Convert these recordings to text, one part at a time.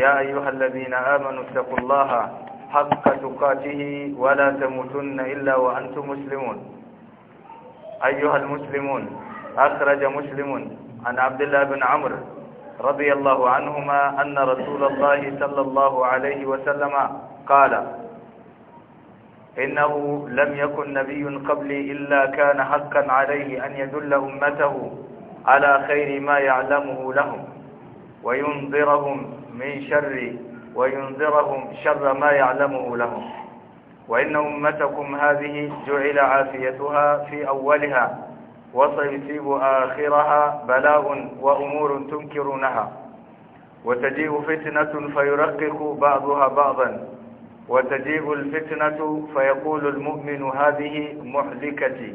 يا أيها الذين آمنوا اتقوا الله حق تقاته ولا تموتن إلا وأنتم مسلمون أيها المسلمون أخرج مسلم عن عبد الله بن عمرو رضي الله عنهما أن رسول الله صلى الله عليه وسلم قال إنه لم يكن نبي قبلي إلا كان حقا عليه أن يدل أمته على خير ما يعلمه لهم وينظرهم من شر وينذرهم شر ما يعلمه لهم وإن أمتكم هذه جعل عافيتها في أولها وسيصيب آخرها بلاء وأمور تنكرونها وتجيء فتنة فيرقق بعضها بعضا وتجيء الفتنة فيقول المؤمن هذه محلكتي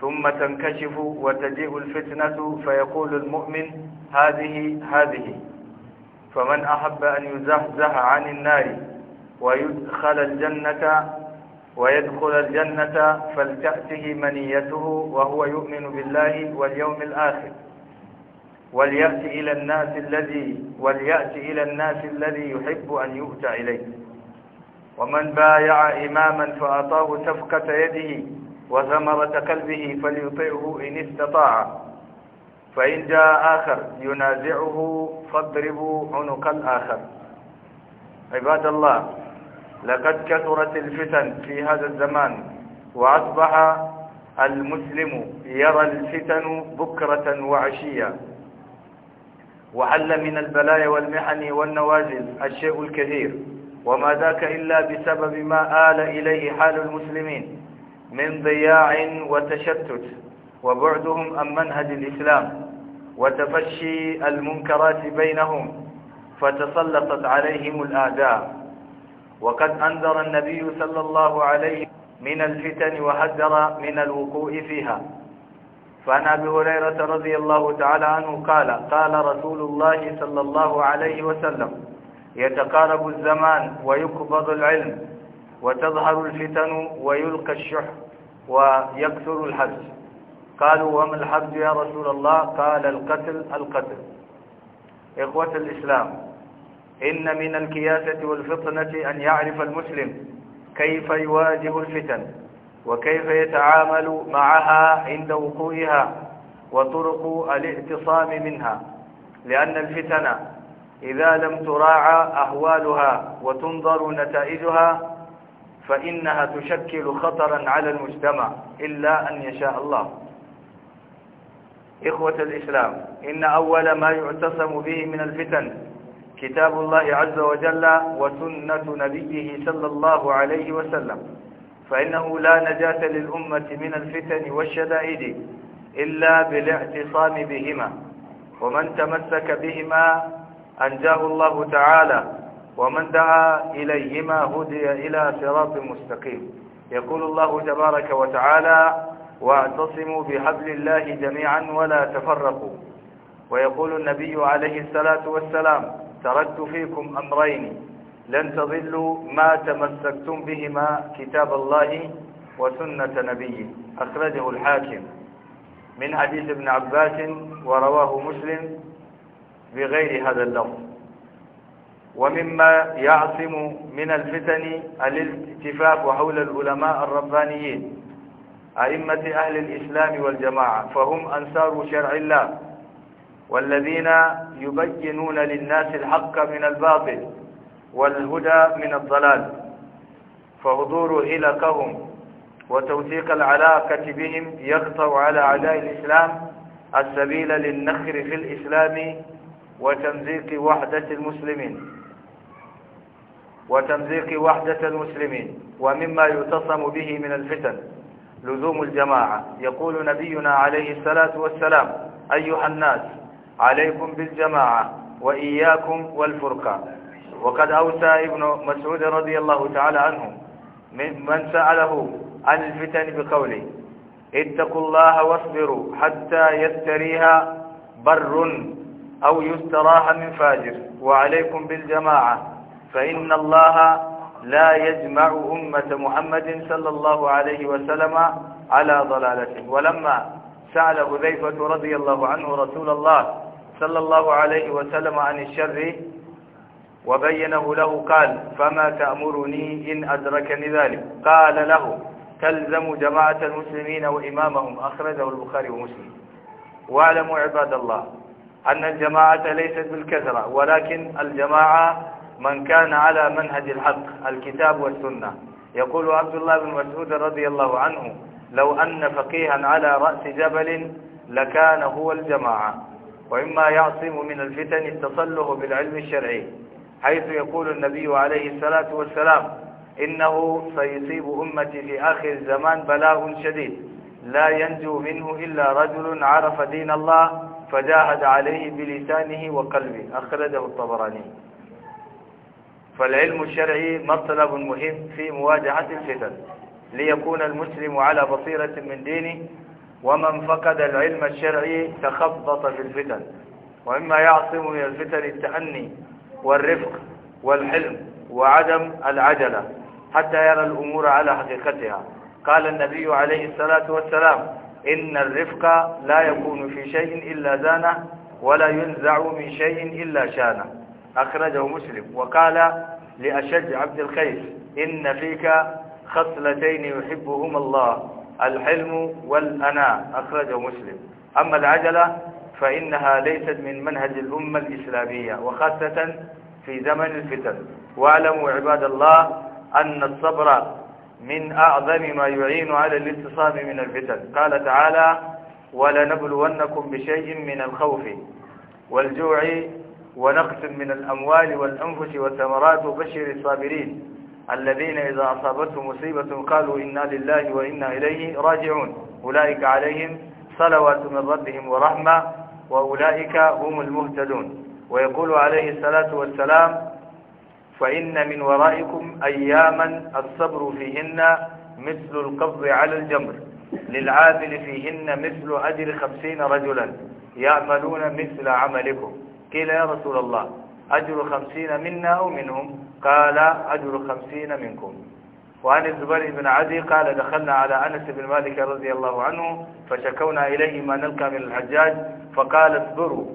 ثم تنكشف وتجيء الفتنة فيقول المؤمن هذه هذه فمن أحب أن يزهزه عن النار ويدخل الجنة ويدخل الجنة فلتأته منيته وهو يؤمن بالله واليوم الآخر وليأت إلى الناس الذي وليأت إلى الناس الذي يحب أن يؤتى إليه ومن بايع إماما فأعطاه سفكة يده وثمرة قلبه فليطعه إن استطاع فإن جاء آخر ينازعه فاضربوا عنق الآخر عباد الله لقد كثرت الفتن في هذا الزمان وأصبح المسلم يرى الفتن بكرة وعشية وحل من البلايا والمحن والنوازل الشيء الكثير وما ذاك إلا بسبب ما آل إليه حال المسلمين من ضياع وتشتت وبعدهم عن منهج الإسلام وتفشي المنكرات بينهم فتسلطت عليهم الأعداء وقد أنذر النبي صلى الله عليه من الفتن وحذر من الوقوع فيها فعن أبي هريرة رضي الله تعالى عنه قال قال رسول الله صلى الله عليه وسلم يتقارب الزمان ويقبض العلم وتظهر الفتن ويلقى الشح ويكثر الحزن قالوا وما الحد يا رسول الله قال القتل القتل إخوة الإسلام إن من الكياسة والفطنة أن يعرف المسلم كيف يواجه الفتن وكيف يتعامل معها عند وقوعها وطرق الاعتصام منها لأن الفتن إذا لم تراعى أهوالها وتنظر نتائجها فإنها تشكل خطرا على المجتمع إلا أن يشاء الله إخوة الإسلام إن أول ما يعتصم به من الفتن كتاب الله عز وجل وسنة نبيه صلى الله عليه وسلم فإنه لا نجاة للأمة من الفتن والشدائد إلا بالاعتصام بهما ومن تمسك بهما أنجاه الله تعالى ومن دعا إليهما هدي إلى صراط مستقيم يقول الله تبارك وتعالى واعتصموا بحبل الله جميعا ولا تفرقوا ويقول النبي عليه الصلاة والسلام تركت فيكم أمرين لن تضلوا ما تمسكتم بهما كتاب الله وسنة نبيه أخرجه الحاكم من حديث ابن عباس ورواه مسلم بغير هذا اللفظ ومما يعصم من الفتن الالتفاف حول العلماء الربانيين أئمة أهل الإسلام والجماعة فهم أنصار شرع الله والذين يبينون للناس الحق من الباطل والهدى من الضلال فحضور هلكهم وتوثيق العلاقة بهم يقطع على أعداء الإسلام السبيل للنخر في الإسلام وتمزيق وحدة المسلمين وتمزيق وحدة المسلمين ومما يتصم به من الفتن لزوم الجماعة يقول نبينا عليه الصلاة والسلام أيها الناس عليكم بالجماعة وإياكم والفرقة وقد أوسى ابن مسعود رضي الله تعالى عنه من سأله عن الفتن بقوله اتقوا الله واصبروا حتى يستريها بر أو يستراها من فاجر وعليكم بالجماعة فإن الله لا يجمع أمة محمد صلى الله عليه وسلم على ضلالته ولما سأل حذيفة رضي الله عنه رسول الله صلى الله عليه وسلم عن الشر وبينه له قال فما تأمرني إن أدركني ذلك قال له تلزم جماعة المسلمين وإمامهم أخرجه البخاري ومسلم واعلموا عباد الله أن الجماعة ليست بالكثرة ولكن الجماعة من كان على منهج الحق الكتاب والسنة يقول عبد الله بن مسعود رضي الله عنه لو أن فقيها على رأس جبل لكان هو الجماعة وإما يعصم من الفتن التصله بالعلم الشرعي حيث يقول النبي عليه الصلاة والسلام إنه سيصيب أمتي في آخر الزمان بلاء شديد لا ينجو منه إلا رجل عرف دين الله فجاهد عليه بلسانه وقلبه أخرجه الطبراني فالعلم الشرعي مطلب مهم في مواجهة الفتن ليكون المسلم على بصيرة من دينه ومن فقد العلم الشرعي تخبط في الفتن ومما يعصم من الفتن التأني والرفق والحلم وعدم العجلة حتى يرى الأمور على حقيقتها قال النبي عليه الصلاة والسلام إن الرفق لا يكون في شيء إلا زانه ولا ينزع من شيء إلا شانه أخرجه مسلم وقال لأشج عبد الخير إن فيك خصلتين يحبهما الله الحلم والأناء أخرجه مسلم أما العجلة فإنها ليست من منهج الأمة الإسلامية وخاصة في زمن الفتن واعلموا عباد الله أن الصبر من أعظم ما يعين على الاتصاب من الفتن قال تعالى ولنبلونكم بشيء من الخوف والجوع ونقص من الأموال والأنفس والثمرات وبشر الصابرين الذين إذا أصابتهم مصيبة قالوا إنا لله وإنا إليه راجعون أولئك عليهم صلوات من ربهم ورحمة وأولئك هم المهتدون ويقول عليه الصلاة والسلام فإن من ورائكم أياما الصبر فيهن مثل القبض على الجمر للعامل فيهن مثل أجر خمسين رجلا يعملون مثل عملكم قيل يا رسول الله أجر خمسين منا أو منهم قال أجر خمسين منكم وعن الزبير بن عدي قال دخلنا على أنس بن مالك رضي الله عنه فشكونا إليه ما نلقى من الحجاج فقال اصبروا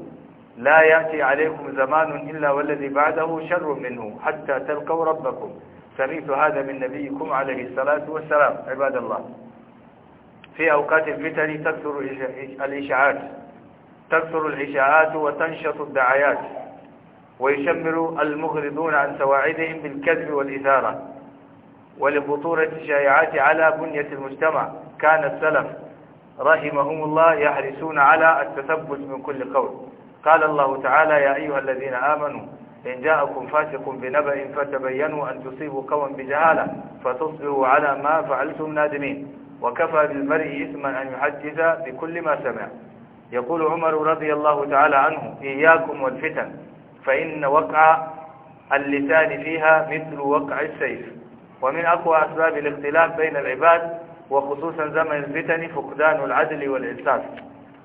لا يأتي عليكم زمان إلا والذي بعده شر منه حتى تلقوا ربكم سمعت هذا من نبيكم عليه الصلاة والسلام عباد الله في أوقات الفتن تكثر الإشاعات تكثر الإشاعات وتنشط الدعايات ويشمر المغرضون عن سواعدهم بالكذب والإثارة ولخطورة الشائعات على بنية المجتمع كان السلف رحمهم الله يحرصون على التثبت من كل قول قال الله تعالى يا أيها الذين آمنوا إن جاءكم فاسق بنبأ فتبينوا أن تصيبوا قوما بجهالة فتصبروا على ما فعلتم نادمين وكفى بالمرء إثما أن يحدث بكل ما سمع يقول عمر رضي الله تعالى عنه إياكم والفتن فإن وقع اللسان فيها مثل وقع السيف ومن أقوى أسباب الاختلاف بين العباد وخصوصا زمن الفتن فقدان العدل والإنصاف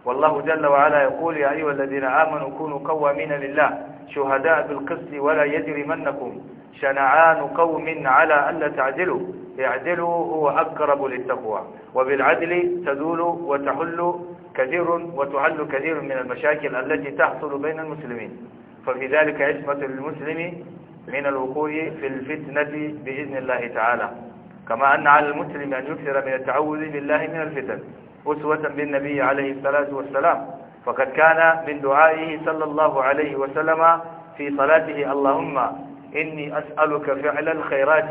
والله جل وعلا يقول يا أيها الذين آمنوا كونوا قوامين لله شهداء بالقسط ولا يجرمنكم شنعان قوم على ألا تعدلوا اعدلوا هو أقرب للتقوى وبالعدل تزول وتحل كثير وتحل كثير من المشاكل التي تحصل بين المسلمين ففي ذلك عصمة المسلم من الوقوع في الفتنة بإذن الله تعالى كما أن على المسلم أن يكثر من التعوذ بالله من الفتن أسوة بالنبي عليه الصلاة والسلام فقد كان من دعائه صلى الله عليه وسلم في صلاته اللهم إني أسألك فعل الخيرات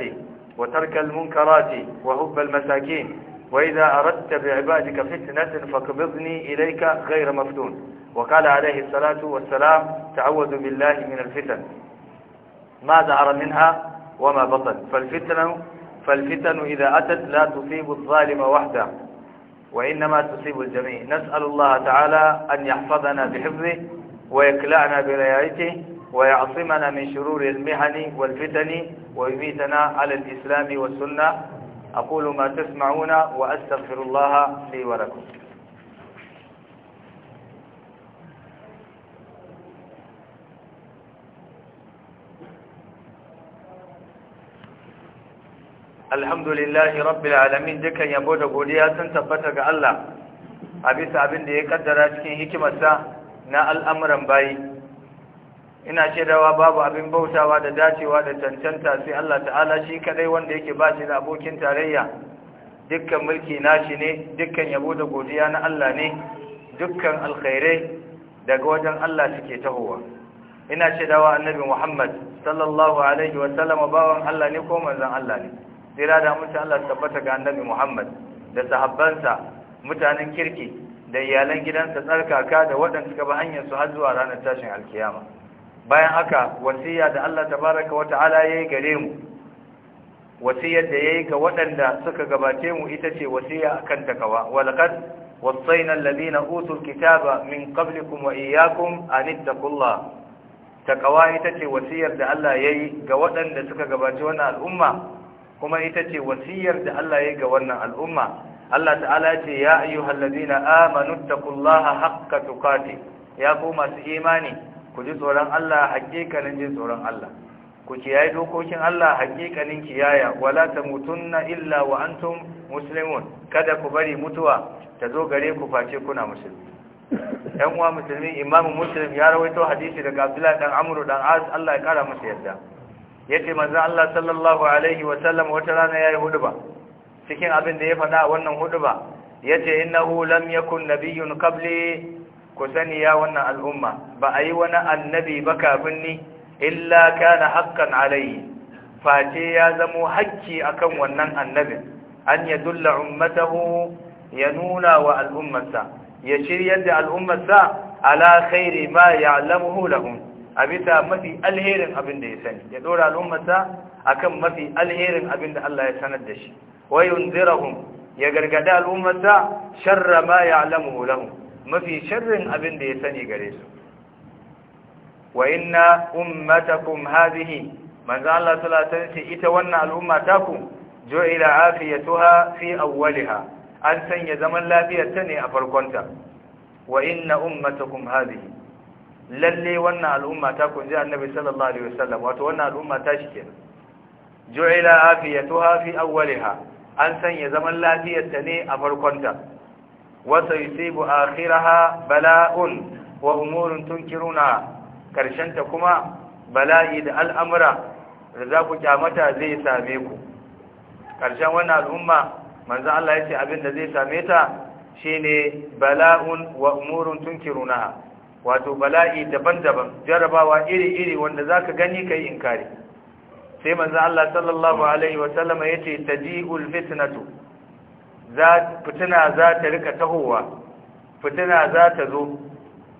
وترك المنكرات وحب المساكين وإذا أردت بعبادك فتنة فاقبضني إليك غير مفتون وقال عليه الصلاة والسلام تعوذ بالله من الفتن ما ظهر منها وما بطن فالفتن, فالفتن إذا أتت لا تصيب الظالم وحده وإنما تصيب الجميع نسأل الله تعالى أن يحفظنا بحفظه ويكلعنا برعايته ويعصمنا من شرور المهن والفتن ويميتنا على الإسلام والسنة أقول ما تسمعون وأستغفر الله لي ولكم الحمد لله رب العالمين دكا يبود قوليها تنتبتك الله أبي سعبين ديكا دراجكين هكما سا نا الأمر باي ina shaidawa babu abin bautawa da dacewa da cancanta sai Allah ta'ala shi kadai wanda yake ba shi da abokin tarayya dukkan mulki nashi ne dukkan yabo da godiya na Allah ne dukkan alkhairai daga wajen Allah suke tahowa ina shaidawa annabi Muhammad sallallahu alaihi wa sallam bawan Allah ne ko manzon Allah ne tsira da mutum Allah tabbata ga annabi Muhammad da sahabbansa mutanen kirki da iyalan gidansa tsarkaka da waɗanda suka bi hanyar su har zuwa ranar tashin alkiyama bayan haka wasiya da Allah tabaraka wa ta'ala yayi gare mu wasiyar da yayi ga waɗanda suka gabace mu ita ce wasiya akan takawa walaqad wasaina alladhina utul kitaba min qablikum wa iyyakum an ittaqullah takawa ita ce wasiyar da Allah yayi ga waɗanda suka gabace wannan al'umma kuma ita ce wasiyar da Allah yayi ga wannan al'umma Allah ta'ala ce ya ayyuhalladhina amanu taqullaha haqqa tuqatih ya ku masu imani ku ji tsoron Allah hakikanin jin tsoron Allah ku kiyaye dokokin Allah hakikanin kiyaya wala tamutunna illa wa antum muslimun kada ku bari mutuwa ta zo gare ku face kuna musulmi ɗan uwa musulmi imamu muslim ya rawaito hadisi daga abdullah dan amru dan az Allah ya kara masa yarda yace manzo Allah sallallahu alaihi wa sallam wata rana yayi huduba cikin abin da ya faɗa wannan hudu huduba yace innahu lam yakun nabiyyun qabli ku sani ya wannan al'umma ba a yi wani annabi ba kafin ni illa kana haqqan alayhi face ya zamo hakki akan wannan annabin an ya dulla ummatahu ya nuna wa al'ummarsa ya shiryar da al'ummarsa ala khairi ma ya ya'lamuhu lahum a bisa mafi alherin abin da ya sani ya dora al'ummarsa akan mafi alherin abin da Allah ya sanar da shi wa yunzirahum ya gargada al'ummarsa sharra ma ya'lamuhu lahum mafi sharrin abin da ya sani gare su wa inna ummatakum hadhihi manzo Allah sallallahu alaihi ita wannan al'umma taku jo'ila afiyatuha fi awwaliha an sanya zaman lafiyar ta ne a farkonta wa inna ummatakum hadhihi lalle wannan al'umma ta kunji annabi sallallahu alaihi wasallam wato wannan al'umma ta shi kenan ju'ila afiyatuha fi awwaliha an sanya zaman lafiyarta ne a farkonta وسيصيب آخرها بلاء وأمور تنكرونها كرشنت كما بلاء الأمر رزاق جامتا زي ساميكو كرشن وانا الأمة من ذا الله يتي أبن زي ساميتا شيني بلاء وأمور تنكرونها wato bala'i daban-daban jarabawa iri-iri wanda zaka gani kai inkari sai manzo Allah sallallahu alaihi wasallama yace taji'ul fitnatu fitina za ta rika tahowa fitina za ta zo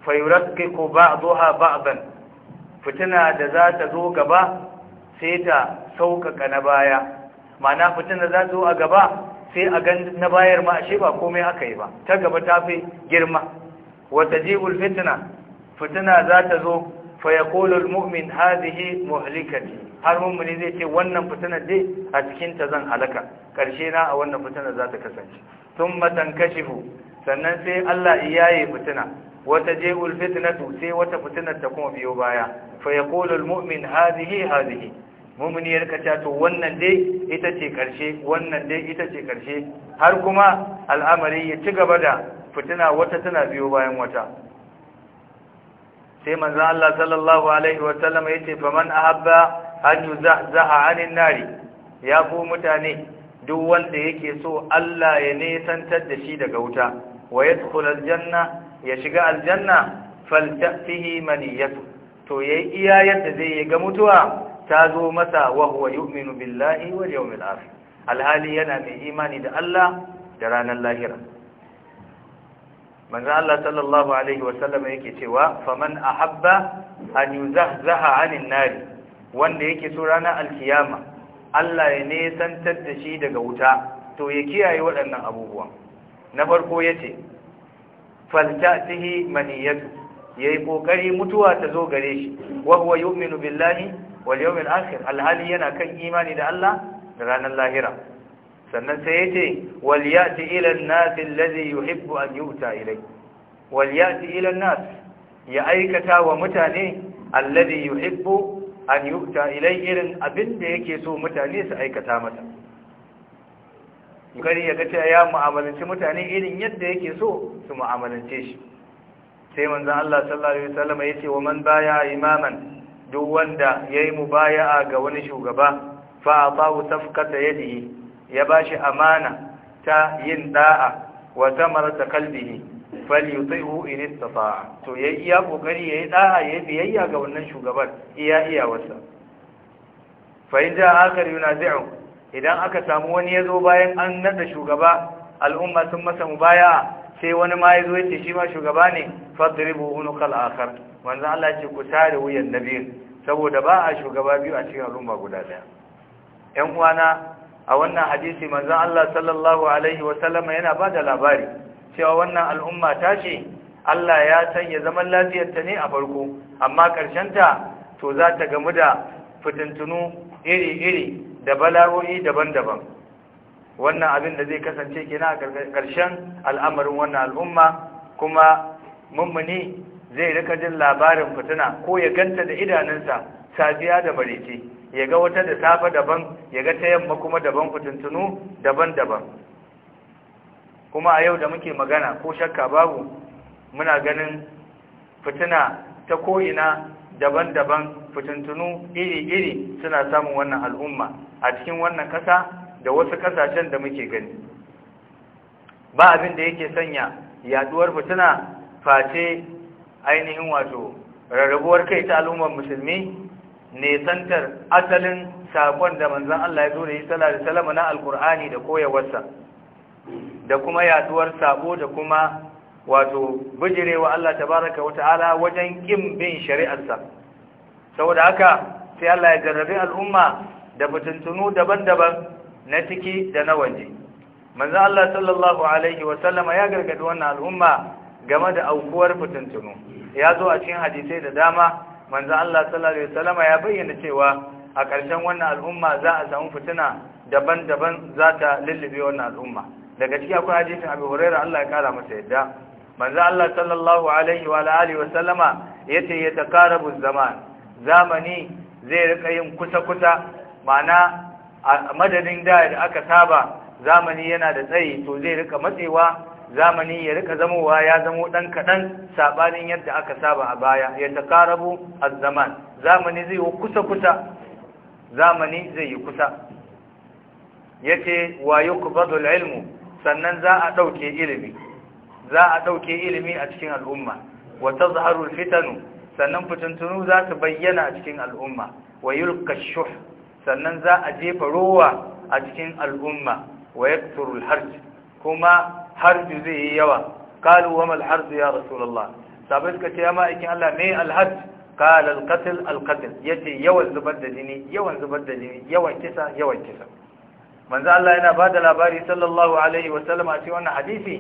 fayuraskiku ba'daha ba'dan fitina da za ta zo gaba sai ta sauƙaƙa na baya ma'ana fitina za ta zo a gaba sai a gan na bayar ma ashe ba komai aka yi ba ta gaba ta fi girma wata jibul fitina fitina za ta zo fa yaqulu almu'min hadhihi muhlikati har zai ce wannan fitinar dai a cikin ta zan halaka karshe na a wannan fitinar za ta kasance thumma tankashifu sannan sai Allah iyaye fitina wata je'ul fitnatu sai wata fitinar ta kuma biyo baya fa yaqulu almu'min hadhihi hadhihi mu'mini ya rika to wannan dai ita ce karshe wannan dai ita ce karshe har kuma al'amari ya ci gaba da fitina wata tana biyo bayan wata sai manzo Allah sallallahu alaihi wa sallam yace faman ahabba an yuzahzaha anin nari ya ku mutane duk wanda yake so Allah ya nesantar da shi daga wuta wa yadkhul aljanna ya shiga aljanna faltafihi maniyatu to yayi iya yadda zai ga mutuwa ta zo masa wa huwa yu'minu billahi wal yawmil akhir alhali yana mai imani da Allah da ranar lahira manzo Allah sallallahu alaihi wasallam yake cewa faman ahabba an yuzahzaha anin wanda yake so ranar alkiyama Allah ya nesantar da shi daga wuta to ya kiyaye waɗannan abubuwan na farko yace faltatihi maniyatu yayi kokari mutuwa ta zo gare shi wa huwa yu'minu billahi wal yawmil akhir alhali yana kan imani da Allah da ranar lahira sannan sai yace wal yati ila an-nas alladhi yuhibbu an yuta ilay wal yati ila an-nas ya aikata wa mutane alladhi yuhibbu an yuta ilai irin abin da yake so mutane su aikata masa gari ya kace ya mu'amalanci mutane irin yadda yake so su mu'amalance shi sai manzon Allah sallallahu alaihi wasallam yace wa man baya imaman duk wanda yayi mubaya'a ga wani shugaba fa atahu safkata yadihi ya ba shi amana ta yin da'a wa samarata kalbihi falyutihu in istata'a to yayi iya kokari yayi da'a yayi biyayya ga wannan shugaban iya iya wasa fa in ja'a akhar yunazi'u idan aka samu wani yazo bayan an nada shugaba al'umma sun masa mubaya sai wani ma yazo yace shi ma shugaba ne fadribu unuqal akhar wanda Allah ce ku tare wuyan nabi saboda ba a shugaba biyu a cikin al'umma guda daya ƴan uwana a wannan hadisi manzo Allah sallallahu alaihi wasallama yana ba da labari cewa wannan al'umma ta ce Allah ya sanya zaman lafiyar ta ne a farko amma karshen ta to za ta gamu da fitintunu iri-iri da bala'o'i daban-daban wannan abin da zai kasance kina a karshen al'amarin wannan al'umma kuma mummuni zai rika jin labarin fitina ko ya ganta da idanunsa safiya da bareke ya ga wata da safa daban ya ga ta yamma kuma daban fitintunu daban-daban kuma a yau da muke magana ko shakka babu muna ganin fitina ta ko'ina daban-daban fitintunu iri-iri suna samun wannan al'umma a cikin wannan kasa da wasu kasashen da muke gani ba abin da yake sanya yaduwar fitina face ainihin wato rarrabuwar kai ta al'ummar musulmi nesantar asalin sakon da manzan Allah ya zo da yi salari salama na alkur'ani da koyawarsa da kuma yaduwar sabo da kuma wato bijirewa Allah tabaraka wa wajen kin bin shari'arsa saboda haka sai Allah ya jarrabi al'umma da fitintunu daban-daban na ciki da na waje manzan Allah sallallahu alaihi wa ya gargadi wannan al'umma game da aukuwar fitintunu ya zo a cikin hadisai da dama manzo Allah sallallahu alaihi wasallama ya bayyana cewa a ƙarshen wannan al'umma za a samu fitina daban-daban za ta lullube wannan al'umma daga ciki akwai hadisin Abu Hurairah Allah ya kara masa yadda manzo Allah sallallahu alaihi wa alihi wasallama yace ya takarabu zaman zamani zai rika yin kusa-kusa ma'ana madadin da aka saba zamani yana da tsayi to zai rika matsewa zamani ya rika zamowa ya zamo dan kadan sabanin yadda aka saba a baya ya takarabu az-zaman zamani zai yi kusa kusa zamani zai yi kusa yace wa yuqbadu ilmu sannan za a dauke ilimi za a dauke ilimi a cikin al'umma wa tazharu al-fitanu sannan fitintunu za su bayyana a cikin al'umma wa yulka shuh sannan za a jefa rowa a cikin al'umma wa yaktur kuma harju zai yi yawa kalu wa mal harju ya rasulullah sabai suka ce ya ma'aikin Allah me alhaj kala alqatl alqatl yace yawan zubar da jini yawan zubar da jini yawan kisa yawan kisa manzo Allah yana bada labari sallallahu alaihi wa sallam a cikin hadisi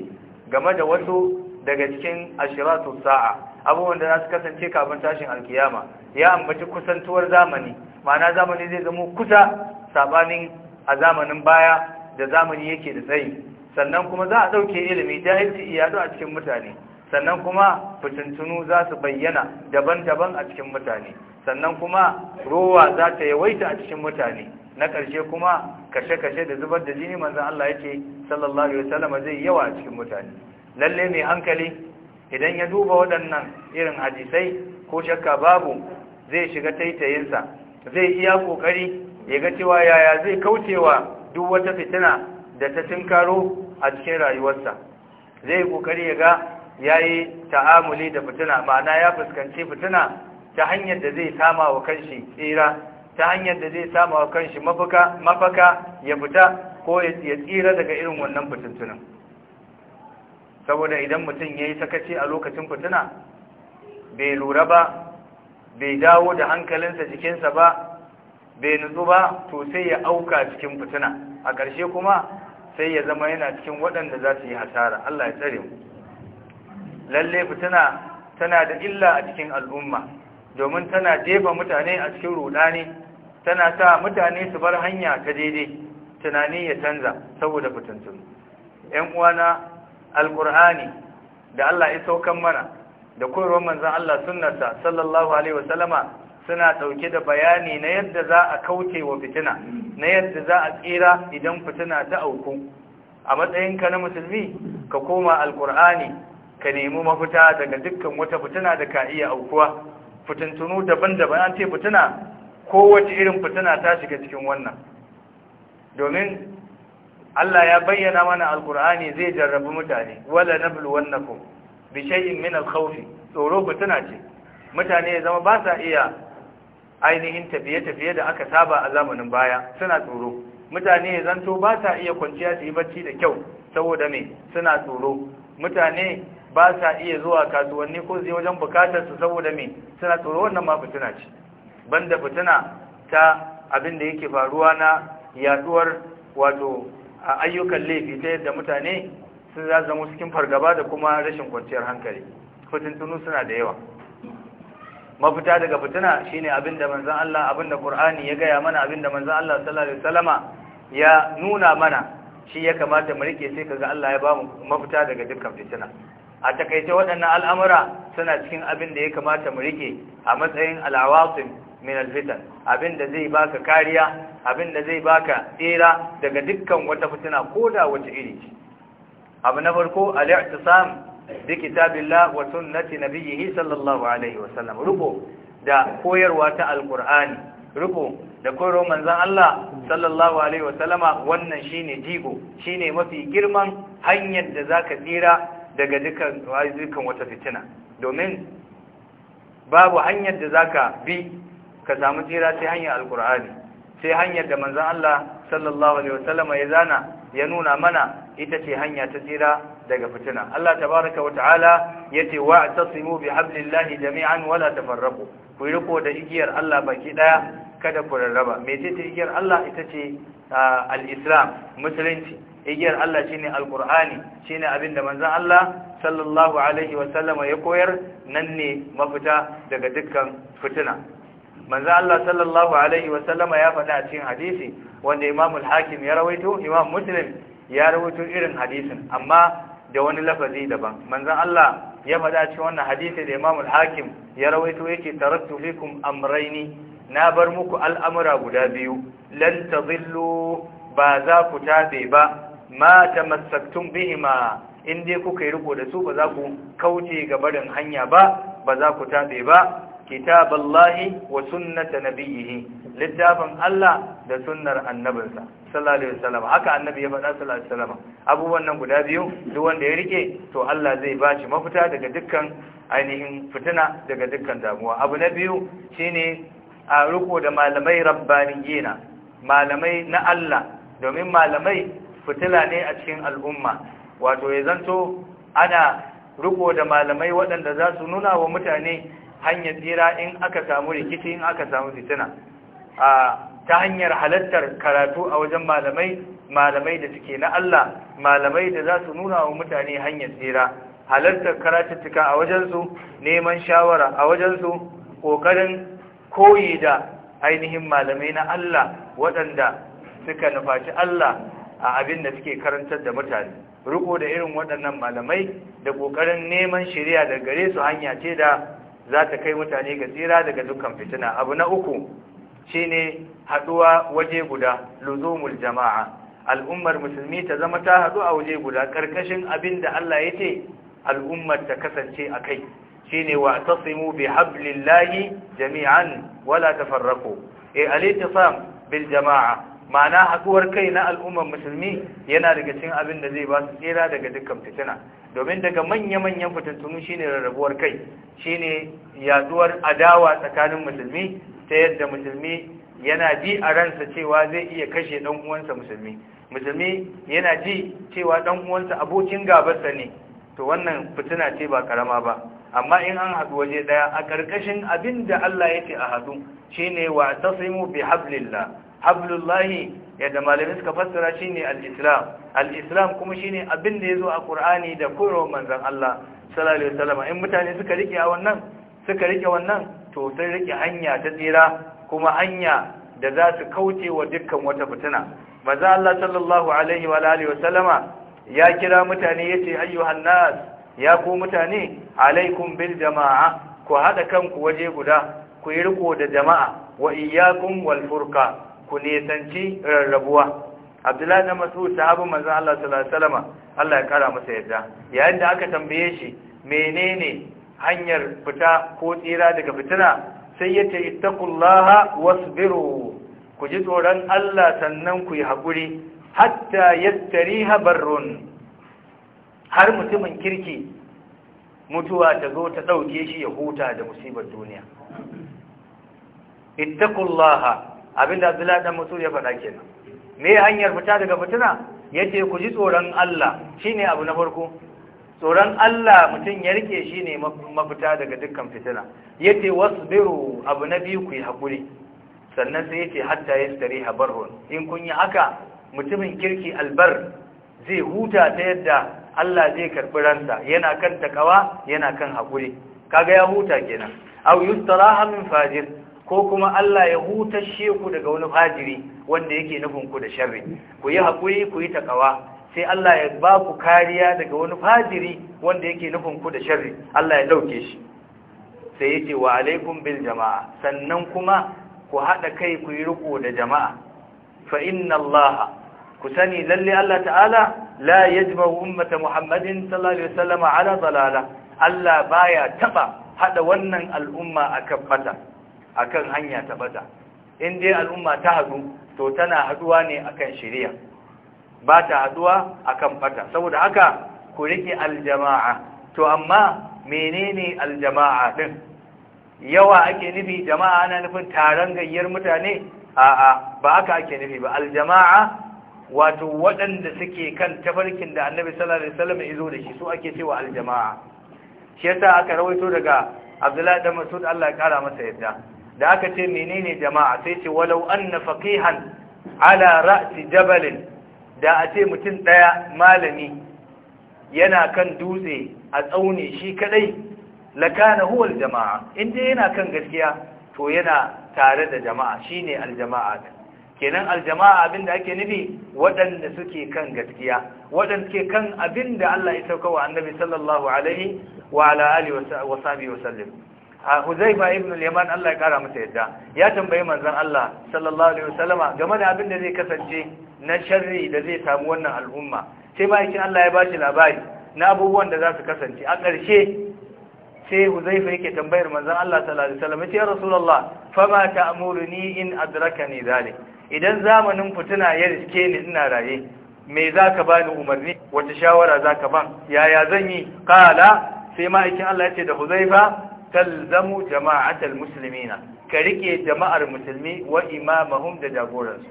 game da wasu daga cikin ashiratu sa'a abubuwan da za su kasance kafin tashin alkiyama ya ambaci kusantuwar zamani ma'ana zamani zai zama kusa sabanin a zamanin baya da zamani yake da tsayi sannan kuma za a ɗauke ilimi jahilci iyadu a cikin mutane sannan kuma fitintunu za su bayyana daban-daban a cikin mutane sannan kuma rowa za ta yawaita a cikin mutane na ƙarshe kuma kashe-kashe da zubar da jini manzan Allah yake sallallahu alaihi wasallam zai yawa a cikin mutane lalle mai hankali idan ya duba waɗannan irin hadisai ko shakka babu zai shiga taitayinsa zai iya ƙoƙari ya ga cewa yaya zai kaucewa duk wata fitina da ta tinkaro a cikin rayuwarsa zai kokari ya ga yayi ta'amuli da fitina ma'ana ya fuskanci fitina ta hanyar da zai sama wa kanshi tsira ta hanyar da zai sama wa kanshi mafaka mafaka ya fita ko ya tsira daga irin wannan fitintunan saboda idan mutum yayi sakaci a lokacin fitina bai lura ba bai dawo da hankalinsa jikinsa ba bai nutsu ba to sai ya auka cikin fitina a ƙarshe kuma sai ya zama yana cikin waɗanda za su yi hasara Allah ya tsare mu lalle fitina tana da illa a cikin al'umma domin tana jefa mutane a cikin rudani tana sa mutane su bar hanya ta daidai tunani ya canza saboda fitintun ƴan uwana Alkur'ani da Allah ya saukan mana da koyarwar manzon Allah sunnarsa sallallahu alaihi wasallama suna ɗauke da bayani na yadda za a kauce wa fitina na yadda za a tsira idan fitina ta auku a matsayinka na musulmi ka koma alkur'ani ka nemi mafita daga dukkan wata fitina da ka iya aukuwa fitintunu daban-daban an ce fitina kowace irin fitina ta shiga cikin wannan domin Allah ya bayyana mana alkur'ani zai jarrabi mutane wala nablu wannakum bi shay'in min al tsoro fitina ce mutane ya zama ba sa iya ainihin tafiye-tafiye da aka saba a zamanin baya suna tsoro mutane zanto ba ta iya kwanciya su yi bacci da kyau saboda me suna tsoro mutane ba sa iya zuwa kasuwanni ko zai wajen bukatar su saboda me suna tsoro wannan ma fitina ce banda fitina ta abin da yake faruwa na yaduwar wato a ayyukan laifi ta yadda mutane sun zama cikin fargaba da kuma rashin kwanciyar hankali fitintunu suna da yawa mafita daga fitina shine abinda manzon Allah abinda Qur'ani ya gaya mana abinda manzon Allah sallallahu alaihi wasallama ya nuna mana shi ya kamata mu rike sai kaga Allah ya bamu mafita daga dukkan fitina a takaice waɗannan al'amura suna cikin abin da ya kamata mu rike a matsayin alawasin min alfitan abin zai baka kariya abinda zai baka tsira daga dukkan wata fitina koda wata iri abu na farko al-i'tisam bi kitabillah wa sunnati nabiyhi sallallahu alaihi wa sallam. rubu da koyarwa ta alqur'ani rubu da koyarwa manzon Allah sallallahu alaihi wa sallama wannan shine jigo shine mafi girman hanyar da zaka tsira daga dukan dukan wata fitina domin babu hanyar da zaka bi ka samu tsira sai hanyar alqur'ani sai hanyar da manzon Allah sallallahu alaihi wa sallama ya zana ya nuna mana ita ce hanya ta tsira daga fitina Allah tabaraka wa ta'ala yace wa'tasimu bihablillahi jami'an wala tafarraqu ku riko da igiyar Allah baki daya kada ku rarraba mece ce igiyar Allah ita ce al-islam musulunci igiyar Allah shine al-qur'ani shine abinda manzon Allah sallallahu alaihi wa sallama ya koyar nan ne mafita daga dukkan fitina manzo Allah sallallahu alaihi wa sallama ya faɗa a cikin hadisi wanda Imam al-Hakim ya rawaito Imam Muslim ya rawaito irin hadisin amma da wani lafazi daban manzo Allah ya faɗa a cikin wannan hadisi da Imam al-Hakim ya rawaito yake taraktu fikum amrayni na bar muku al'amura guda biyu lan tadhillu ba za ku tabe ba ma tamassaktum bihima in dai kuka yi riko da su ba za ku kauce ga barin hanya ba ba za ku tabe ba kitab Allah wa sunnata nabiyhi littafin Allah da sunnar annabinsa sallallahu alaihi wasallam haka annabi ya faɗa sallallahu alaihi wasallam abubuwan nan guda biyu duk ya rike to Allah zai bashi mafita daga dukkan ainihin fitina daga dukkan damuwa abu na biyu shine a riko da malamai rabbaniyina malamai na Allah domin malamai fitila ne a cikin al'umma wato ya zanto ana riko da malamai waɗanda za su nuna wa mutane hanyar tsira in aka samu rikici in aka samu fitina ta hanyar halattar karatu a wajen malamai malamai da suke na Allah malamai da za su nuna wa mutane hanyar tsira halartar karatuttuka a wajensu neman shawara a wajensu ƙoƙarin koyi da ainihin malamai na Allah waɗanda suka nufaci Allah a abin da suke karantar da mutane riko da irin waɗannan malamai da ƙoƙarin neman shirya da gare su hanya ce da za ta kai mutane ga tsira daga dukkan fitina abu na uku ne haɗuwa waje guda luzumul jama'a al'ummar musulmi ta zama ta haɗu a waje guda Ƙarƙashin abin da Allah ya ce al'ummar ta kasance a kai shine wa tasimu bi hablillahi jami'an wala tafarraqu e al-ittisam bil jama'a ma'ana haɗuwar kai na al'ummar musulmi yana daga cin abin da zai ba su tsira daga dukkan fitina domin daga manya-manyan fitintunu shine rarrabuwar kai shine yaduwar adawa tsakanin musulmi ta yadda musulmi yana ji a ransa cewa zai iya kashe ɗan'uwansa uwansa musulmi musulmi yana ji cewa dan uwansa abokin gabarsa ne to wannan fitina ce ba karama ba amma in an haɗu waje ɗaya a ƙarƙashin abin da Allah yake a haɗu shine wa tasimu bi hablillah Abdullahi yadda malamai suka fassara shine al Al'islam kuma shine abin da yazo a Kur'ani da koyarwar manzon Allah sallallahu in mutane suka rike wannan suka riƙe wannan to sun rike hanya ta tsira kuma hanya da za su kauce wa dukkan wata fitina Maza Allah sallallahu alaihi wa alihi ya kira mutane yace ayyuhan nas ya ku mutane alaikum bil jama'a ku haɗa kanku waje guda ku yi riko da jama'a wa iyakun wal ku nisanci rarrabuwa abdullahi na masu sahabin manzan Allah salama Allah ya kara masa yadda yayin da aka tambaye shi menene hanyar fita ko tsira daga fitina sai ya ce ittaqullaha wasbiru ku ji tsoron Allah sannan ku yi haƙuri hatta yattariha barrun har mutumin kirki mutuwa ta zo ta ɗauke shi ya huta da musibar duniya ittaqullaha Abin da Abdullahi dan Mas'ud ya faɗa kenan me hanyar fita daga fitina yace ku ji tsoron Allah shine abu na farko tsoron Allah mutum ya rike shine mafita daga dukkan fitina yace wasbiru abu na biyu ku yi hakuri sannan sai yace hatta yastariha barhun in kun yi haka mutumin kirki albar zai huta ta yadda Allah zai karɓi ransa yana kan takawa yana kan hakuri kaga ya huta kenan aw yustaraha min fajir ko kuma Allah ya hutashe ku daga wani fajiri wanda yake nufin ku da sharri ku yi haƙuri ku yi takawa sai Allah ya ba ku kariya daga wani fajiri wanda yake nufin ku da sharri Allah ya dauke shi sai yace wa alaikum bil jama'a sannan kuma ku hada kai ku yi riko da jama'a fa inna Allah ku sani lalle Allah ta'ala la yajma'u ummata Muhammadin sallallahu alaihi wasallam ala dalala Allah baya taba hada wannan al'umma akan fata akan hanya ta bata in dai al'umma ta hadu to tana haduwa ne akan shari'a ba ta haɗuwa akan fata, saboda haka ku rike aljama'a to amma menene aljama'a din yawa ake nufi jama'a ana nufin taron gayyar mutane a'a ba haka ake nufi ba aljama'a wato waɗanda suke kan tafarkin da annabi sallallahu alaihi wasallam ya zo da shi su ake cewa aljama'a shi yasa aka rawaito daga Abdullahi da Mas'ud Allah ya kara masa yadda da aka ce menene jama'a sai ce walau anna faqihan ala ra'si jabalin da a ce mutum daya malami yana kan dutse a tsauni shi kadai lakana huwa in inda yana kan gaskiya to yana tare da jama'a shine aljama'a kenan aljama'a abinda ake nufi waɗanda suke kan gaskiya waɗanda suke kan abinda Allah ya sauka wa annabi sallallahu alaihi wa ala wa sahbihi wa sallam a Huzaifa ibn al-Yaman Allah ya kara masa yadda ya tambayi manzon Allah sallallahu alaihi wasallama game da abin da zai kasance na sharri da zai samu wannan al'umma sai bayan Allah ya bashi labari na abubuwan da za su kasance a ƙarshe sai Huzaifa yake tambayar manzon Allah sallallahu alaihi wasallam ya Rasulullah fama ta'muruni in adrakani zalik idan zamanin fituna ya riske ni ina raye me zaka bani umarni wace shawara zaka ban yaya zan yi kala sai ma'aikin Allah ya ce da Huzaifa talzamu jama'atal muslimina ka rike jama'ar musulmi wa imamahum da jagoransu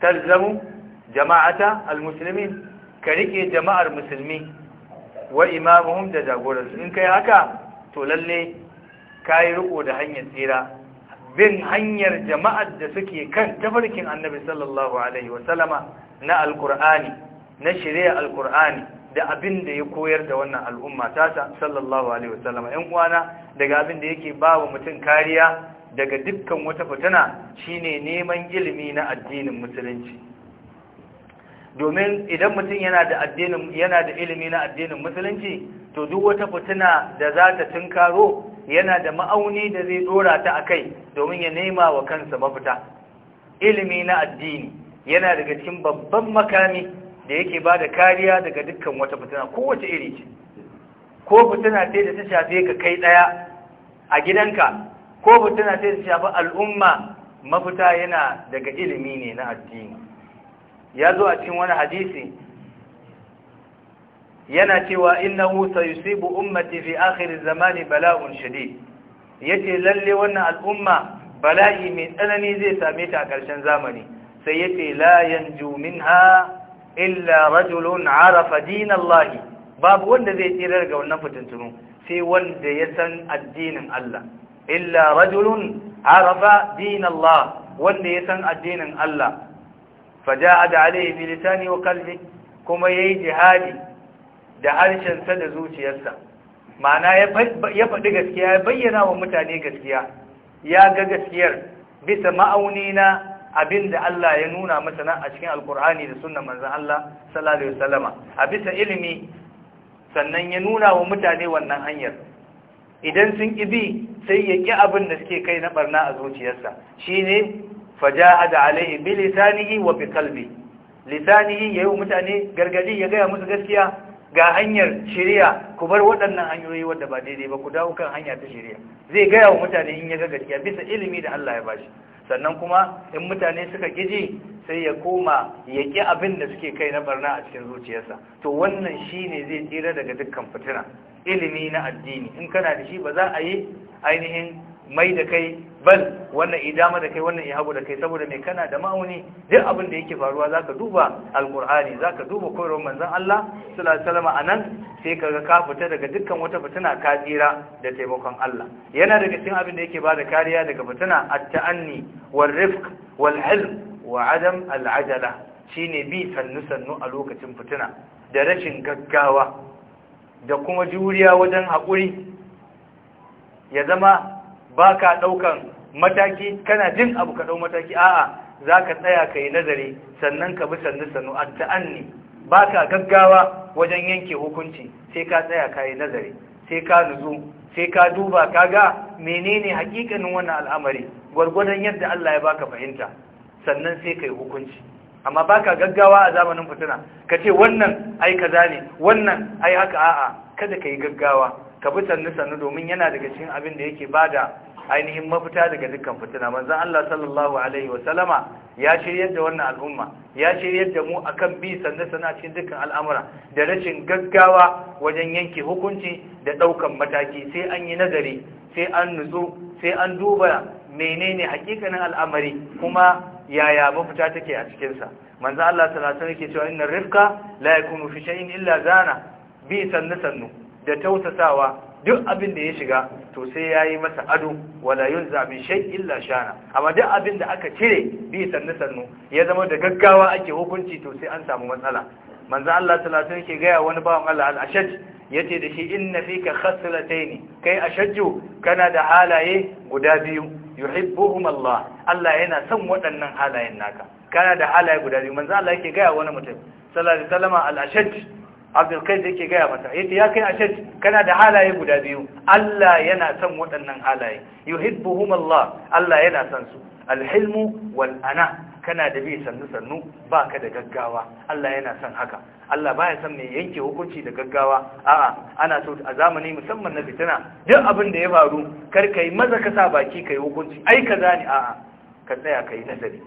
talzamu jama'ata almuslimin ka rike jama'ar musulmi wa imamahum da jagoransu in kai haka to lalle kai riko da hanyar tsira bin hanyar jama'ar da suke kan tafarkin annabi na alqur'ani na da abin da ya koyar da wannan al'umma ta ta sallallahu alaihi wasallam ɗan uwana daga abin da yake ba wa mutum kariya daga dukkan wata fitina shine neman ilimi na addinin musulunci domin idan mutum yana da addinin yana da ilimi na addinin musulunci to duk wata fitina da za ta tunkaro yana da ma'auni da zai dora ta akai domin ya nema wa kansa mafita ilimi na addini yana daga cikin babban makami da yake ba da kariya daga dukkan wata fitina kowace iri ce ko fitina ce da ta shafe ka kai ɗaya a gidanka ko fitina ce da ta shafi al'umma mafita yana daga ilimi ne na addini ya zo a cikin wani hadisi yana cewa innahu sayusibu ummati fi akhir zamani bala'un shadid yace lalle wannan al'umma bala'i mai tsanani zai same ta a ƙarshen zamani sai yace la yanju minha illa rajulun arafa dinallahi babu wanda zai tsira daga wannan fitintunu sai wanda ya san addinin Allah illa rajulun arafa dinallah wanda ya san addinin Allah da alayhi bi lisani wa qalbi kuma yayi jihadi da harshen sa da zuciyarsa ma'ana ya faɗi gaskiya ya bayyana wa mutane gaskiya ya ga gaskiyar bisa ma'aunina. Abin da Allah ya nuna masa na a cikin alkur'ani da sunna manzan Allah salallahu alaihi a bisa ilimi sannan ya nuna wa mutane wannan hanyar idan sun bi sai ya ƙi abin da suke kai na barna a zuciyarsa shine da alaihi bi lisanihi wa bi kalbi lisanihi wa mutane gargadi ya gaya musu gaskiya ga hanyar shirya ku bar waɗannan hanyoyi wadda ba daidai ba ku dawo kan hanya ta shirya zai gaya wa mutane in ya ga gaskiya bisa ilimi da Allah ya bashi sannan kuma in mutane suka kiji sai ya koma ya ƙi abin da suke kai na barna a cikin zuciyarsa to wannan shi ne zai tsira daga dukkan fitina ilimi na addini in kana da shi ba za a yi ainihin mai da kai bal wannan idama da kai wannan ihabu da kai saboda mai kana da ma'auni duk abin da yake faruwa zaka duba alqur'ani zaka duba koyarwar manzon Allah sallallahu alaihi wasallam anan sai kaga ka fita daga dukkan wata fitina ka tsira da taimakon Allah yana daga cikin abin da yake bada kariya daga fitina at-ta'anni wal rifq wal hilm wa adam al-ajala shine bi sannu sannu a lokacin fitina da rashin gaggawa da kuma juriya wajen haƙuri ya zama ba ka ɗaukan mataki kana jin abu ka dau mataki a'a zaka tsaya kai nazari sannan ka bi sannu sannu ta'anni baka gaggawa wajen yanke hukunci sai ka tsaya kai nazari sai ka nuzu sai ka duba kaga menene hakikanin wannan al'amari gwargwadon yadda Allah ya baka fahimta sannan sai kai hukunci amma baka gaggawa a zamanin fitina kace wannan ai kaza ne wannan ai haka a'a kada kai gaggawa ka bi sannu sannu domin yana daga cikin abin da yake bada ainihin mafita daga dukkan fitina manzon Allah sallallahu alaihi wa sallama ya shiryar da wannan al'umma ya shiryar da mu akan bi sanne-sanne sana cikin dukkan al'amura da rashin gaggawa wajen yanke hukunci da daukan mataki sai an yi nazari sai an nutsu sai an duba menene hakikanin al'amari kuma yaya mafita take a cikin sa manzon Allah sallallahu alaihi yake cewa innar rifqa la yakunu fi shay'in illa zana bi sanne sannu da tausasawa duk abin da ya shiga to sai ya yi masa ado wala yun zamin shai illa shana amma duk abin da aka cire bi sannu-sannu ya zama da gaggawa ake hukunci to sai an samu matsala manzo Allah talatin ke gaya wani bawan Allah al-ashaj yace da shi in na inna fika khaslatayn kai ashajju kana da halaye guda biyu yuhibbuhum Allah Allah yana son waɗannan halayen naka kana da halaye guda biyu manzo Allah yake gaya wani mutum sallallahu alaihi wasallam al-ashaj abdulkai zai gaya mata yace ya kai ashe kana da halaye guda biyu Allah yana son waɗannan halaye yuhibbuhum Allah Allah yana son su alhilmu wal ana kana da bi sannu sannu ka da gaggawa Allah yana son haka Allah baya son mai yanke hukunci da gaggawa a'a ana so a zamani musamman na fitina duk abin da ya faru kar kai maza ka sa baki kai hukunci ai za ni a'a ka tsaya kai nazari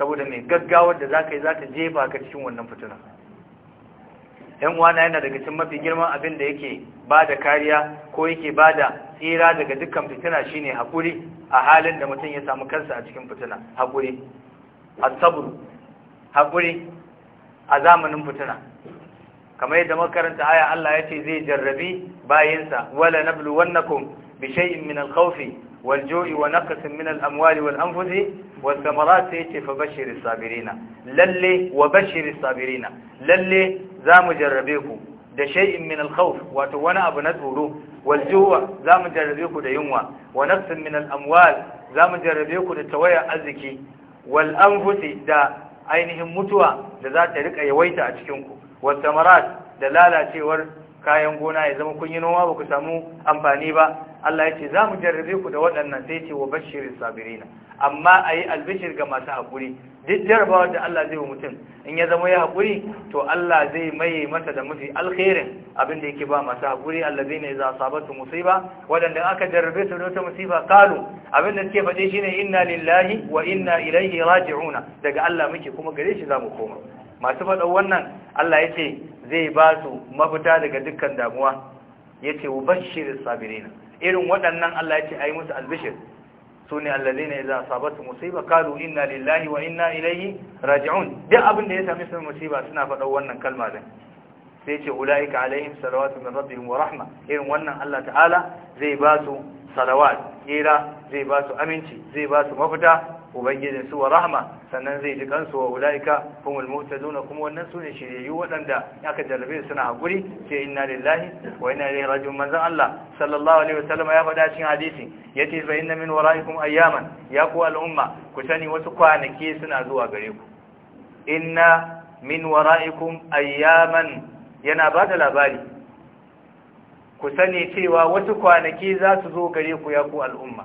saboda mai gaggawar da zaka yi zaka jefa ka cikin wannan fitina yan uwana yana daga cikin mafi girman abin da yake bada kariya ko yake ba da tsira daga dukkan fitina shine hakuri a halin da mutum ya samu kansa a cikin fitina hakuri a haƙuri a zamanin fitina kamar yadda makaranta aya Allah ya ce zai jarrabi bayinsa wala nabluwannakum bi shay'in min al-khawfi Waljo'i wa والجوع ونقص من الأموال والأنفس والثمرات سيتي فبشر الصابرين للي وبشر الصابرين للي ذا مجربيكو da shay'in min al-khawf wato wani abu na tsoro wal za mu jarrabe ku da yunwa wa nafsin min al-amwal zamu jarrabe ku da tawaya arziki wal anfusi da ainihin mutuwa da za ta riƙa yawaita a cikinku, ku wal da lalacewar kayan gona ya zama kun yi noma ba ku samu amfani ba Allah ya ce za mu jarrabe ku da waɗannan sai ce wa bashirin sabirina amma a yi albishir ga masu haƙuri duk jarrabawar da Allah zai wa mutum in ya zama ya haƙuri to Allah zai maye masa da mafi alkhairin abin da yake ba masu haƙuri Allah zai ne za sabatu musiba waɗanda aka jarrabe su da wata musiba kalu abin da suke faɗe shine inna lillahi wa inna ilaihi raji'una daga Allah muke kuma gare shi za mu koma masu faɗa wannan Allah ya ce zai ba su mafita daga dukkan damuwa ya ce wa bashir sabirina irin waɗannan Allah ya ce a yi musu albishir su ne allazi ne za a sabatu musiba kalu inna lillahi wa inna raji'un duk abin da ya sami su musiba suna faɗa wannan kalma din sai ce ula'ika alaihim salawatu min rabbihim wa rahma irin wannan Allah ta'ala zai ba su salawat kira zai ba su aminci zai ba su mafita ubangijin su wa rahma sannan zai ji kansu wa ulaika humul muhtaduna kuma wannan su ne shiryayyu waɗanda aka jarrabe suna haƙuri sai inna lillahi wa inna ilaihi raji'un manzon Allah sallallahu alaihi wasallam ya faɗa cikin hadisi yace fa inna min waraikum ayyaman ya ku al'umma ku sani wasu kwanaki suna zuwa gare ku inna min waraikum ayyaman yana ba da labari ku sani cewa wasu kwanaki za su zo gare ku ya ku al'umma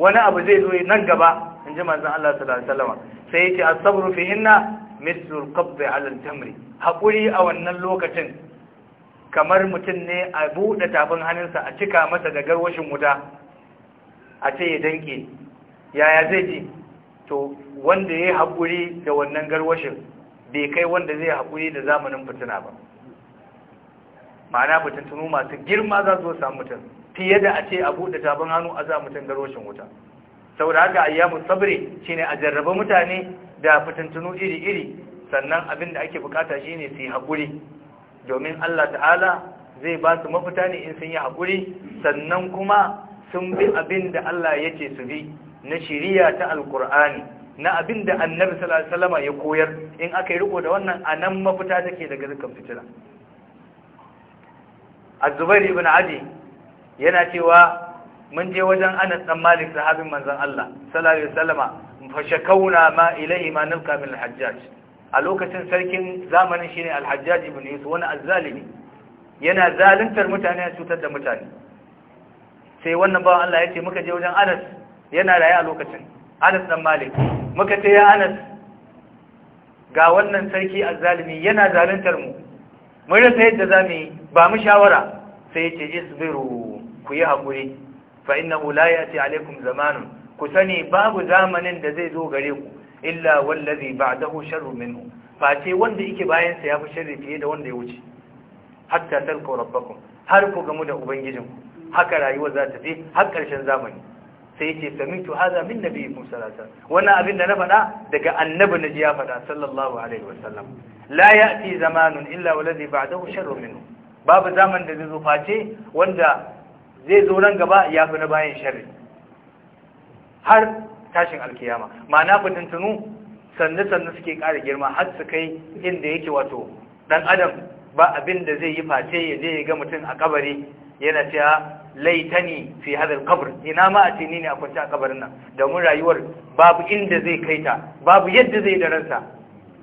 wani abu zai zo nan gaba in ji manzan Allah sallallahu sai yace a sabru fihinna mithlu tamri hakuri a wannan lokacin kamar mutum ne a buɗe tafin hannunsa a cika masa da garwashin wuta a ce ya danke yaya zai ji to wanda ya yi haƙuri da wannan garwashin bai kai wanda zai haƙuri da zamanin fitina ba ma'ana fitintunu masu girma za su samu mutum fiye da a ce a buɗe tafin hannu a za mutum roshin wuta saboda haka ayyamu sabri ne a jarraba mutane da fitintunu iri-iri sannan abin da ake bukata ne su yi haƙuri domin Allah ta'ala zai ba su mafita ne in sun yi haƙuri sannan kuma sun bi abin da Allah ya ce su bi na shiriya ta alkur'ani na abin da annabi salama ya koyar in aka yi riko da wannan a nan mafita take daga dukkan fitila az-zubair ibn adi yana cewa mun je wajen Anas dan Malik sahabin manzon Allah sallallahu alaihi wasallama fa shakawna ma ilayhi ma nalqa min al-Hajjaj a lokacin sarkin zamanin shine al-Hajjaj ibn Yusuf wani azzalimi yana zaluntar mutane ya cutar da mutane sai wannan bawan Allah ya ce muka je wajen Anas yana raye a lokacin Anas dan Malik muka ce ya Anas ga wannan sarki azzalimi yana zaluntar mu mun rasa yadda zamu yi ba mu shawara sai yace isbiru ku yi haƙuri fa inna la ya'ti alaikum zamanun ku sani babu zamanin da zai zo gare ku illa wallazi ba'dahu sharrun minhu face wanda yake bayan sa yafi sharri fiye da wanda ya wuce hatta talqu rabbakum har ku gamu da ubangijinku haka rayuwa za ta fi har ƙarshen zamani sai yace samitu haza min nabi Musa sallallahu wannan abin da na faɗa daga annabi ji ya faɗa sallallahu alaihi wa sallam. la ya'ti zamanun illa wallazi ba'dahu sharru minhu babu zaman da zai zo face wanda zai zo nan gaba ya fi na bayan sharri har tashin alkiyama ma'ana fitintunu sannu-sannu suke ƙara girma har su kai inda yake wato ɗan adam ba abin da zai yi face ya je ya ga mutum a kabari yana cewa laitani fi hadal kabr ina ma a ce ni ne a kwanci a kabarin nan domin rayuwar babu inda zai kai ta babu yadda zai da ransa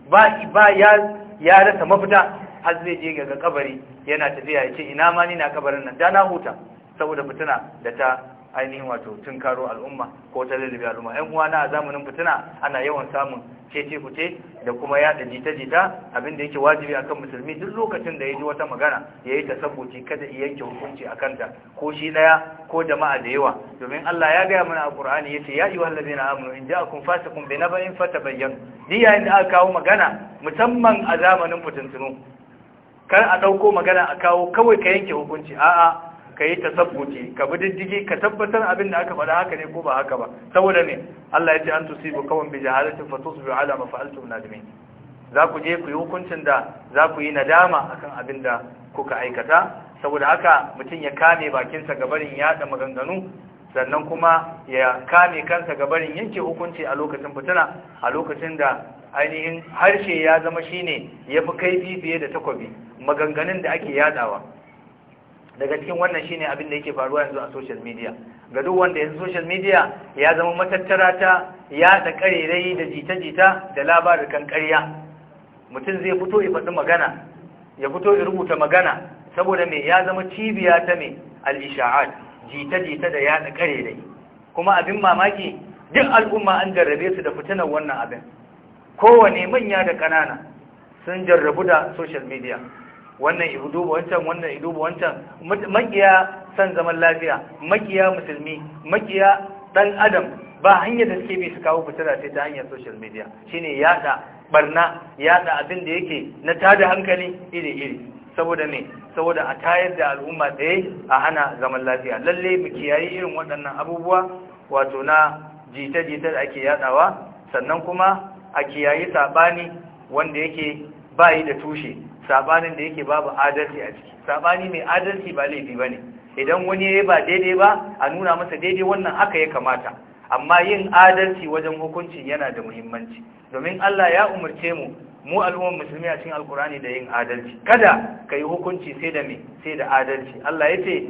ba ya ya rasa mafita har zai je ga kabari yana tafiya ya ce ina ma ni na kabarin nan da na huta saboda fitina da ta ainihin wato tun karo al'umma ko ta lalube al'umma ƴan uwa na zamanin fitina ana yawan samun cece kuce da kuma yada jita jita abin da yake wajibi akan musulmi duk lokacin da ya ji wata magana ya yi tasabbuci kada ya yanke hukunci a kanta ko shi daya ko jama'a da yawa domin Allah ya gaya mana a Qur'ani yace ya ayyuhal ladina amanu in ja'akum fasiqun bi naba'in fatabayyanu yayin da aka kawo magana musamman a zamanin fitintunu kar a dauko magana a kawo kawai ka yanke hukunci a'a ka yi ta sabbuti ka bi diddigi ka tabbatar abin da aka faɗa haka ne ko ba haka ba saboda ne, Allah ya ce an tusibu kawon bi jahalatin fa tusbihu ala ma fa'altum nadimin za ku je ku yi hukuncin da za ku yi nadama akan abin da kuka aikata saboda haka mutum ya kame bakinsa gabarin yada maganganu sannan kuma ya kame kansa gabarin yanke hukunci a lokacin fitina a lokacin da ainihin harshe ya zama shine ya kai kaifi fiye da takobi maganganun da ake yadawa daga cikin wannan shine abin da yake faruwa yanzu a social media ga duk wanda yanzu social media ya zama matattara ta ya da karerai da jita-jita da kan ƙarya mutum zai fito ya faɗi magana ya fito ya rubuta magana saboda me ya zama cibiya ta me al-isha'at jita-jita da ya da karerai kuma abin mamaki duk al'umma an jarrabe su da fitinan wannan abin kowane manya da ƙanana sun jarrabu da social media wannan ibu wancan wannan ibu wancan makiya san zaman lafiya makiya musulmi makiya dan adam ba hanyar da suke bi su kawo fitara sai ta hanyar social media shine yada barna yada abin da yake na tada hankali iri iri saboda ne saboda a tayar da al'umma tsaye a hana zaman lafiya lalle mu kiyaye irin waɗannan abubuwa wato na jita-jita da ake yadawa sannan kuma a kiyaye sabani wanda yake bayi da tushe sabanin da yake babu adalci a ciki sabani mai adalci ba laifi ba ne. idan wani yi ba daidai ba a nuna masa daidai wannan haka ya kamata amma yin adalci wajen hukuncin yana da muhimmanci domin Allah ya umarce mu mu al'ummar musulmi a cikin alkurani da yin adalci kada ka yi hukunci sai da me sai da adalci Allah ya ce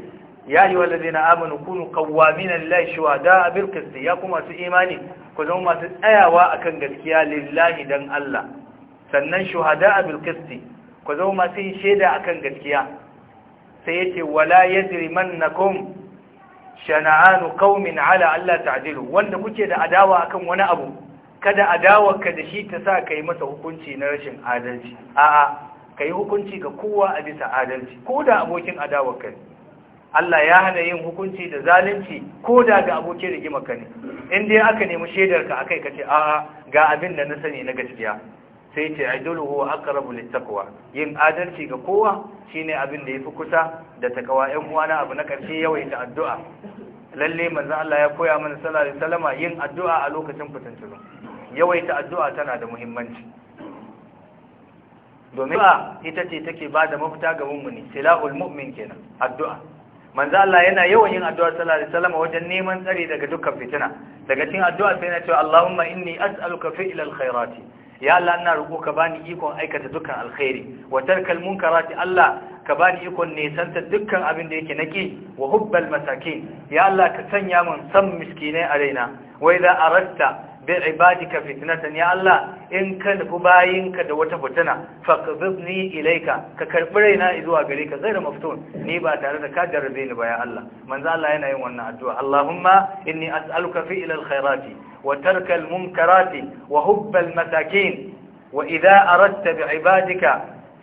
ya yi wallazi na Amina kunu kawwamina lillahi shuhada bil ya kuma su imani ku zama masu tsayawa akan gaskiya lillahi dan Allah sannan shuhada bil qisti ku zama masu yin shaida akan gaskiya sai yace wala yajrimannakum shana'anu qaumin ala Allah ta'dilu wanda kuke da adawa akan wani abu kada adawa ka da shi ta sa kai masa hukunci na rashin adalci a'a kai hukunci ga kowa a bisa adalci ko da abokin adawa ka Allah ya hana yin hukunci da zalunci ko da ga abokin rigima ka ne in dai aka nemi shaidar ka akai ce a'a ga abin da na sani na gaskiya sai ce aiduluhu aqrabu littaqwa yin adalci ga kowa shine abin da yafi kusa da takawa ɗan uwana abu na karshe yawaita addu'a lalle manzo Allah ya koya mana sallallahu alaihi wasallama yin addu'a a lokacin fitintunu yawaita addu'a tana da muhimmanci domin ba ita ce take ba da mafita ga mummuni silahul mu'min kenan addu'a manzo Allah yana yawan yin addu'a sallallahu alaihi wasallama wajen neman tsari daga dukkan fitina daga cikin addu'a sai yana cewa Allahumma inni as'aluka fi'lal khairati ya na ina roƙo ka bani ikon aikata dukkan alkhairi wa tarkal munkarati Allah ka bani ikon nesanta dukkan abin da yake naki wa hubbal masakin ya ka sanya mun san miskinai a raina wa idza arasta bi ibadika fitnatan ya Allah in ka nufi bayinka da wata fitana faqdhibni ilaika. ka karbi raina zuwa gare ka zai da maftun ni ba tare da ka jarrabe ni ba ya Allah manzo yana yin wannan addu'a Allahumma inni as'aluka alkafi ilal alkhairati وترك المنكرات وهب المساكين وإذا أردت بعبادك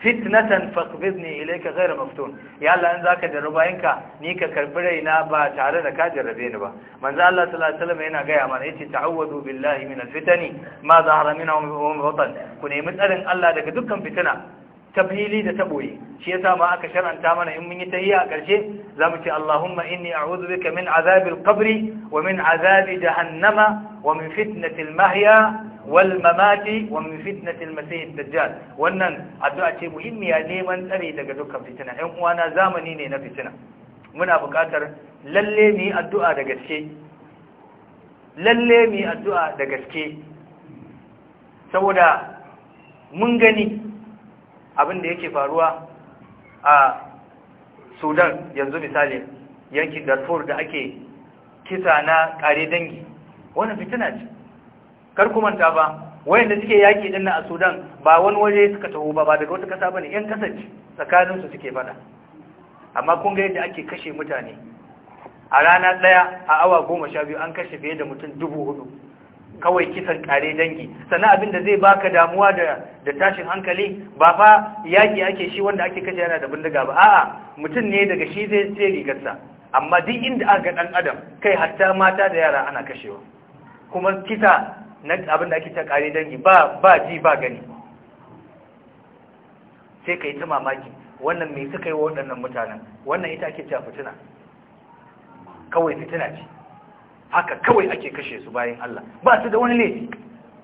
فتنة فاقبضني إليك غير مفتون يا الله أن ذاك جربائنك نيك كربرينا با تعالى ذاك جربين با من ذا الله صلى الله عليه وسلم هنا قاية من إيتي تعوذوا بالله من الفتن ما ظهر منهم وهم بطن كن يمتألن الله ذاك دكا فتنة ta fili da ta boye shi yasa ma aka shar'anta mana in mun yi tahiyya a ƙarshe zamu ce Allahumma inni a'udhu bika min azabil qabri wa min azabi jahannama wa min fitnatil mahya wal mamati wa min fitnatil masih dajjal wannan addu'a ce muhimmiya neman tsare daga dukkan fitina 'yan uwana zamani ne na fitina muna buƙatar lalle mu yi addu'a da gaske lalle mu yi addu'a da gaske saboda mun gani abin da yake faruwa a sudan yanzu misali yankin darfur da ake kisa na kare dangi wannan fitina ce kar ku manta ba wayanda suke yaki dinna a sudan ba wani waje suka taho ba ba daga wata kasa bane yan kasance tsakaninsu suke fada amma kun ga yadda ake kashe mutane a rana daya a awa goma sha biyu an kashe fiye da mutum dubu hudu kawai kisan kare dangi sannan abin da zai baka damuwa da da tashin hankali ba fa yaki ake shi wanda ake kashe yana da bindiga ba a'a mutum ne daga shi zai sai rigarsa amma duk inda aka dan adam kai hatta mata da yara ana kashewa kuma kisa na abin da ake ta kare dangi ba ba ji ba gani sai kai ta mamaki wannan me suka yi wa waɗannan mutanen wannan ita ake cewa fitina kawai fitina ce haka kawai ake kashe su bayan Allah ba su da wani laifi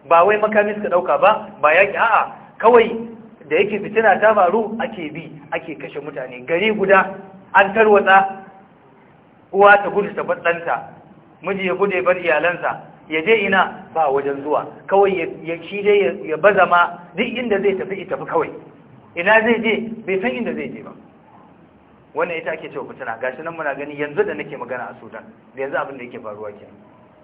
ba wai makami suka dauka ba ba yaki a'a kawai da yake fitina ta faru ake bi ake kashe mutane gari guda an tarwatsa uwa ta gudu ta batsanta miji ya gude bar iyalansa ya je ina ba wajen zuwa kawai ya shi dai ya baza ma duk inda zai tafi ita tafi kawai ina zai je bai san inda zai je ba wannan ita ake cewa fitina gashi nan muna gani yanzu da nake magana a Sudan da yanzu abin da yake faruwa kenan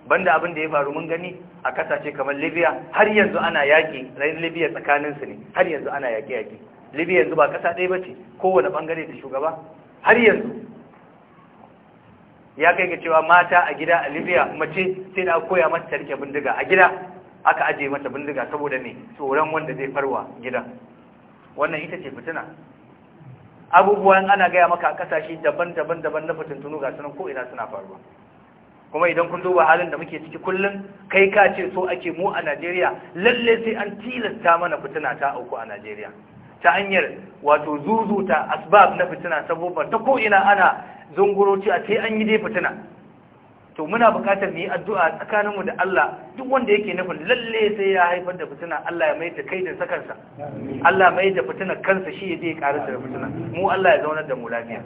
banda abin da ya faru mun gani a kasashe kamar Libya har yanzu ana yaki rayin Libya tsakanin su ne har yanzu ana yaki yaki Libya yanzu ba kasa ɗaya bace kowane bangare da shugaba har yanzu ya kai ga cewa mata a gida a Libya mace sai da koya mata tarke bindiga a gida aka aje mata bindiga saboda ne tsoron wanda zai farwa gida wannan ita ce fitina abubuwan ana gaya maka a kasashe daban-daban daban na fitintunu ga sunan koina suna faruwa kuma idan kun duba halin da muke ciki kullum kai ka ce so ake mu a Najeriya lalle sai an tilasta mana fitina ta auku a Najeriya ta hanyar wato zuzuta asbab na fitina saboda ta ko ina ana zunguroci a sai an yi dai fitina to muna bukatar mu yi addu'a tsakaninmu da Allah duk wanda yake nufin lalle sai ya haifar da fitina Allah ya mai da kai da sakansa Allah mai da fitina kansa shi ya je da fitina mu Allah ya zaunar da mu lafiya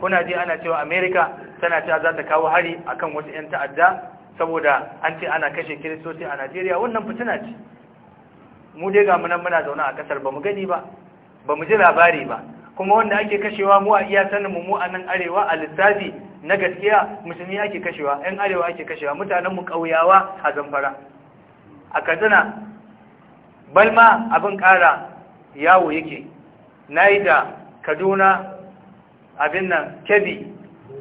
kuna ji ana cewa America tana cewa za ta kawo hari akan wasu ƴan ta'adda saboda an ce ana kashe kiristoci a Najeriya wannan fitina ce mu dai ga munan muna zaune a kasar ba gani ba bamu ji labari ba kuma wanda ake kashewa mu a iya mu a nan arewa a lissafi na gaskiya musulmi ake kashewa yan arewa ake kashewa mutanen mu a zamfara a katsina balma abin ƙara yawo yake yi da kaduna abin nan kebbi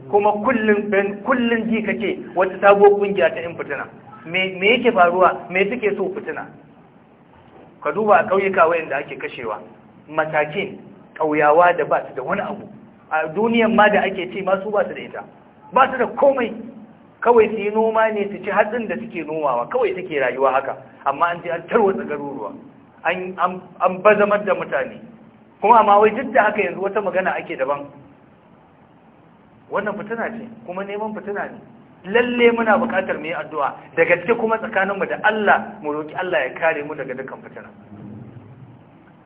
kuma kullum ben ji kake wata sabuwar ƙungiya ta yan fitina me yake faruwa me suke so fitina ka duba a ƙauyuka wayanda ake kashewa matakin ƙauyawa da ba su da wani abu a duniyan ma da ake ce masu ba su da ita ba su da komai kawai su yi noma ne su ci hatsin da suke nomawa kawai suke rayuwa haka amma an ce an tarwatsa garuruwa an bazamar da mutane kuma amma wai duk da haka yanzu wata magana ake daban wannan fitina ce kuma neman fitina ne lalle muna buƙatar mu yi addu'a da gaske kuma tsakaninmu da Allah mu roki Allah ya kare mu daga dukkan fitina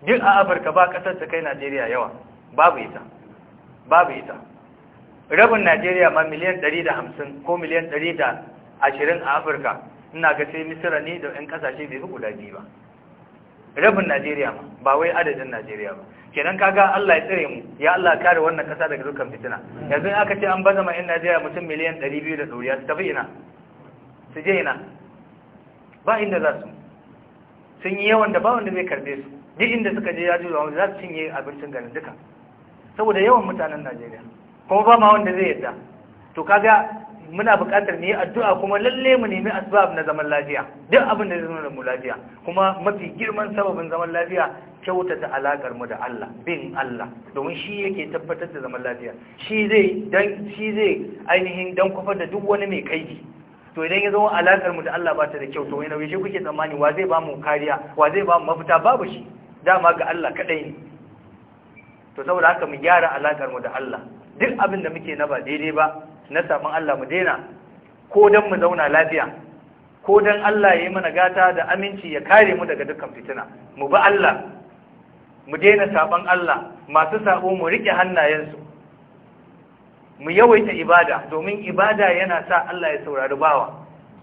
duk a Afirka ba ƙasar ta kai Najeriya yawa babu ita babu ita rabin najeriya ma miliyan 150 ko miliyan 120 a afirka ina ga sai misira ne da 'yan kasashe bai fi guda biyu ba rabin najeriya ma ba wai adadin najeriya ba kenan kaga allah ya tsire mu ya allah kare wannan kasa daga dukkan fitina yanzu aka ce an ma 'yan najeriya mutum miliyan 200 da ɗoriya su tafi ina su je ina ba inda za su sun yi yawan da ba wanda zai karbe su duk inda suka je ya wani za su cinye abincin ganin duka saboda yawan mutanen Najeriya kuma ba ma wanda zai yarda, to kaga muna buƙatar mu yi addu'a kuma lalle mu nemi asbab na zaman lafiya duk abin da zai zama mu lafiya kuma mafi girman sababin zaman lafiya kyautata alakar mu da Allah bin Allah domin shi yake tabbatar da zaman lafiya shi zai dan shi zai ainihin dan kufar da duk wani mai kaidi to idan ya zama alakar mu da Allah ba ta da kyau to wai nauyi shi kuke tsammani wa zai ba mu kariya wa zai ba mu mafita babu shi dama ga Allah kadai ne to saboda haka mu gyara alakar mu da Allah duk abin da muke na ba daidai ba na saban Allah mu daina ko dan mu zauna lafiya ko dan Allah ya yi mana gata da aminci ya kare mu daga dukkan fitina mu bi Allah mu daina saban Allah masu sabo mu rike hannayensu mu yawaita ibada domin ibada yana sa Allah ya saurari bawa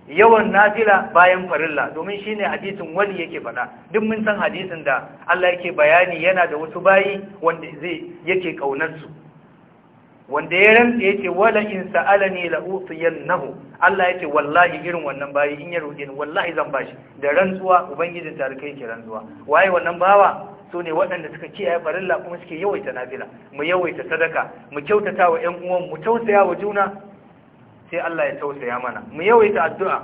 yawan nafila bayan farilla domin shine hadisin wani yake faɗa duk mun san hadisin da Allah yake bayani yana da wasu bayi wanda zai yake kaunar su wanda ya rantsa yake wala in sa'alani la utiyannahu Allah yake wallahi irin wannan bayi in ya roƙe ni wallahi zan bashi da rantsuwa ubangijin tarikai ke rantsuwa waye wannan bawa su ne waɗanda suka kiyaye farilla kuma suke yawaita nafila mu yawaita sadaka mu kyautata wa ƴan uwan mu tausaya wa juna sai Allah ya tausaya mana mu yawaita addu'a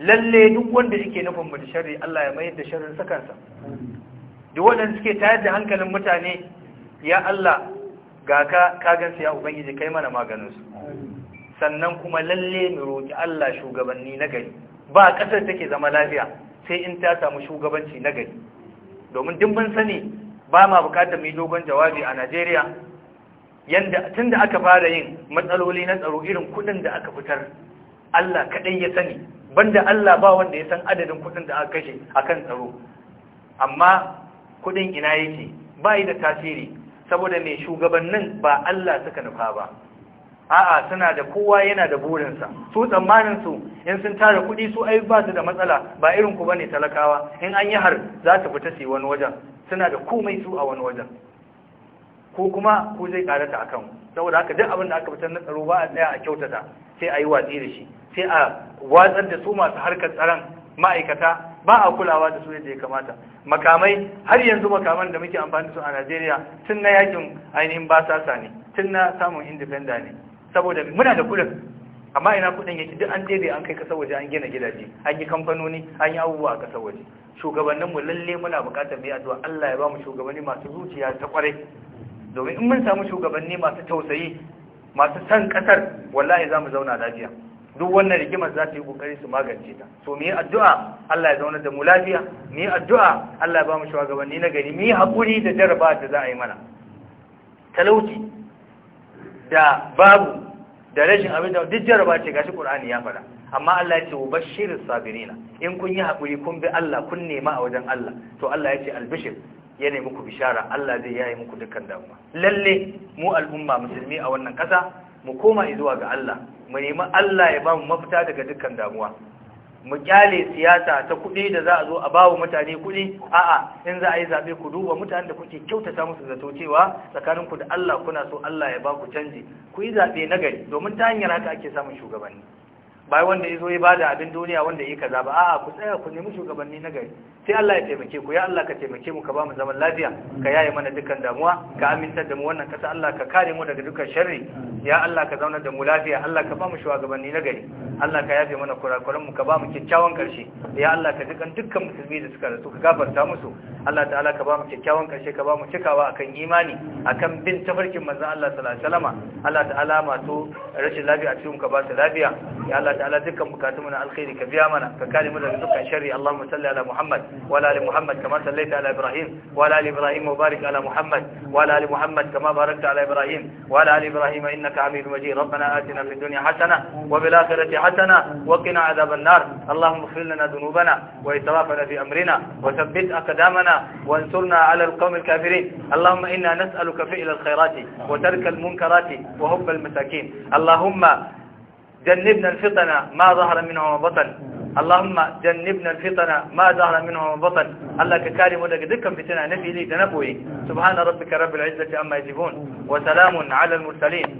lalle duk wanda yake nufin mu da sharri Allah ya mayar da sharrin sakansa duk wanda suke tayar da hankalin mutane ya Allah ga ka ka gansu ya ubangiji kai mana maganin su sannan kuma lalle mu roƙi Allah shugabanni na gari ba ƙasar take zama lafiya sai in ta samu shugabanci na gari domin duk mun sani ba ma bukatar mu dogon jawabi a Najeriya yanda tunda aka fara yin matsaloli na tsaro irin kudin da aka fitar Allah kaɗai ya sani banda Allah ba wanda ya san adadin kudin da aka kashe akan tsaro amma kudin ina yake bai da tasiri saboda mai shugabannin ba Allah suka nufa ba a'a suna da kowa yana da burinsa su tsammanin su in sun tara kuɗi su ai ba su da matsala ba irin ku bane talakawa in an yi har za su fita su wani wajen suna da komai su a wani wajen ko kuma ko zai karata a akan saboda haka duk abin da aka fitar na tsaro ba a tsaya a kyautata sai a yi watsi da shi sai a watsar da su masu harkar tsaron ma'aikata ba a kulawa da su yadda ya kamata makamai har yanzu makaman da muke amfani da su a Najeriya tun na yakin ainihin basasa ne tun na samun indifenda ne saboda muna da kudin amma ina kudin yake duk an daidai an kai kasa waje an gina gidaje an yi kamfanoni an yi abubuwa a kasa waje shugabanninmu lalle muna bukatar mai addu'a Allah ya ba mu shugabanni masu zuciya ta kwarai domin in mun samu shugabanni masu tausayi masu san kasar wallahi za mu zauna lafiya duk wannan rigimar za ta yi kokari su magance ta so mu yi addu'a Allah ya zauna da mu lafiya mu yi addu'a Allah ya ba mu shugabanni na gari mu yi haƙuri da jaraba da za a yi mana talauci da babu da rashin abin da duk jaraba ce gashi Qur'ani ya faɗa amma Allah ya ce bashirin sabirina in kun yi hakuri kun bi Allah kun nema a wajen Allah to Allah ya ce albishir Yanayi muku bishara Allah zai yaye muku dukkan damuwa lalle mu al'umma musulmi a wannan ƙasa mu koma zuwa ga Allah mu nemi Allah ya ba mu mafita daga dukkan damuwa mu kyale siyasa ta kuɗi da za a zo a bawa mutane kuɗi a'a in za a yi zaɓe ku duba mutanen da kuke kyautata musu zato cewa tsakaninku da Allah kuna so Allah ya ba ku canji ku yi zaɓe na gari domin ta hanyar haka ake samun shugabanni bai wanda ya zo ya bada abin duniya wanda ya yi kaza ba a'a ku tsaya ku nemi shugabanni na gari sai Allah ya taimake ku ya Allah ka taimake mu ka ba mu zaman lafiya ka yaye mana dukkan damuwa ka amintar da mu wannan kasa Allah ka kare mu daga dukkan sharri ya Allah ka zauna da mu lafiya Allah ka ba mu shugabanni na gari Allah ka yafe mana kurakuran mu ka ba mu kyakkyawan karshe ya Allah ka dukan dukkan musulmi da suka rasu ka gafarta musu Allah ta'ala ka ba mu kyakkyawan karshe ka ba mu cikawa akan imani akan bin tafarkin manzon Allah sallallahu alaihi wasallam Allah ta'ala masu rashin lafiya a cikin ka ba su lafiya ya Allah ta'ala dukkan bukatun mu na alkhairi ka biya mana ka kare mu daga dukkan sharri Allahumma salli ala Muhammad wa ala ali Muhammad kama sallaita ala Ibrahim wa ala ali Ibrahim wa barik ala Muhammad wa ala ali Muhammad kama barakta ala Ibrahim wa ala ali Ibrahim innaka Hamidum Majid ربنا آتنا في الدنيا حسنة وفي الآخرة حسنة وقنا عذاب النار اللهم اغفر لنا ذنوبنا وإسرافنا في أمرنا وثبت أقدامنا وانصرنا allahuma القوم الكافرين اللهم إنا نسألك فعل الخيرات وترك المنكرات وحب المساكين اللهم جنبنا الفطنة ما ظهر منه بطن اللهم جنبنا الفطنة ما ظهر منه بطن الله كارم ولك ذكر فتنة نفي لي تنبوي سبحان ربك رب العزة أما يجبون وسلام على المرسلين